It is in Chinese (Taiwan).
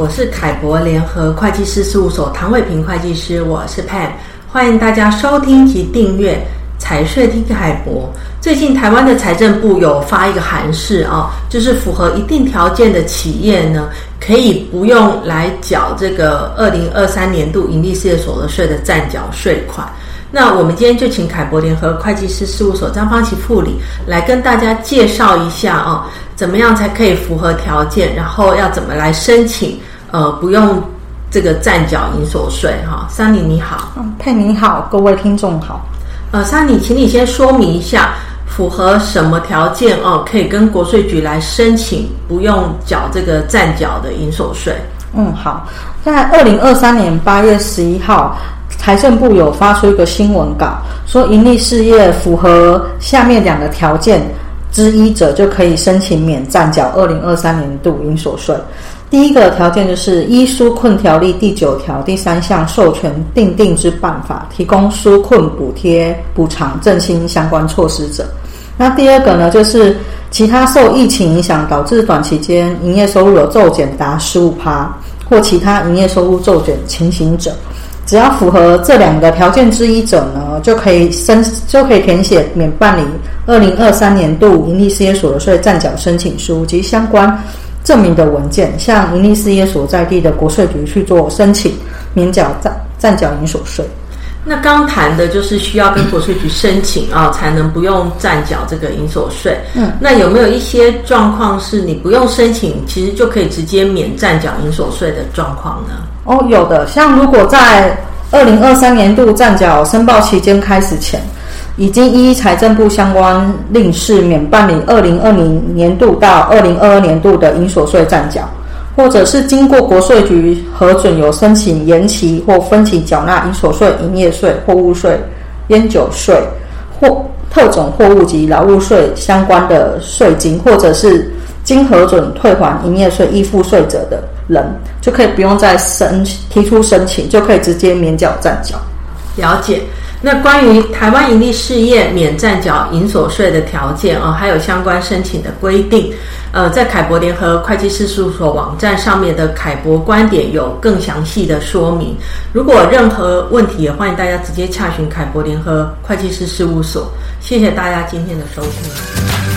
我是凱博聯合會計師事務所唐偉平會計師，我是 Pan，歡迎大家收聽及訂閱財稅聽凱博。最近台灣的財政部有發一個函釋，啊，就是符合一定條件的企業呢，可以不用來繳這個二零二三年度營利事業所得稅的暫繳稅款。那我們今天就請凱博聯合會計師事務所張芳琪副理來跟大家介紹一下啊，怎麼樣才可以符合條件，然後要怎麼來申請。呃，不用這個暫繳營所稅哈，三、哦、里你好，佩你、呃、好，各位聽眾好。呃，三里，請你先說明一下，符合什麼條件哦，可以跟國稅局來申請不用繳這個暫繳的營所稅？嗯，好，在二零二三年八月十一號，財政部有發出一個新聞稿，說營利事業符合下面兩個條件之一者，就可以申請免暫繳二零二三年度營所稅。第一個條件就是依《紓困條例》第九條第三項授權訂定之辦法，提供紓困補貼、補償、振興相關措施者。那第二個呢，就是其他受疫情影響導致短期間營業收入有驟減達十五趴或其他營業收入驟減情形者，只要符合這兩個條件之一者呢，就可以申就可以填寫免辦理二零二三年度營利事業所得稅暫繳申請書及相關。證明的文件，向營利事業所在地的國稅局去做申請，免繳暫暫繳營所稅。那剛談的就是需要跟國稅局申請啊、嗯哦，才能不用暫繳這個營所稅。嗯，那有沒有一些狀況是你不用申請，其實就可以直接免暫暫繳營所稅的狀況呢？哦，有的，像如果在二零二三年度暫繳申報期間開始前。已經依財政部相關令釋免辦理二零二零年度到二零二二年度的營所稅暫繳，或者是經過國稅局核准有申請延期或分期繳納營所稅、營業稅、貨物稅、菸酒稅或特種貨物及勞務稅相關的稅金，或者是經核准退還營業稅溢付稅者的人，就可以不用再申提出申請，就可以直接免繳暫繳。了解。那關於台灣營利事業免暫繳營所稅的條件啊，還有相關申請的規定，呃，在凱博聯合會計師事務所網站上面的凱博觀點有更詳細的說明。如果有任何問題，也歡迎大家直接洽詢凱博聯合會計師事務所。謝謝大家今天的收聽。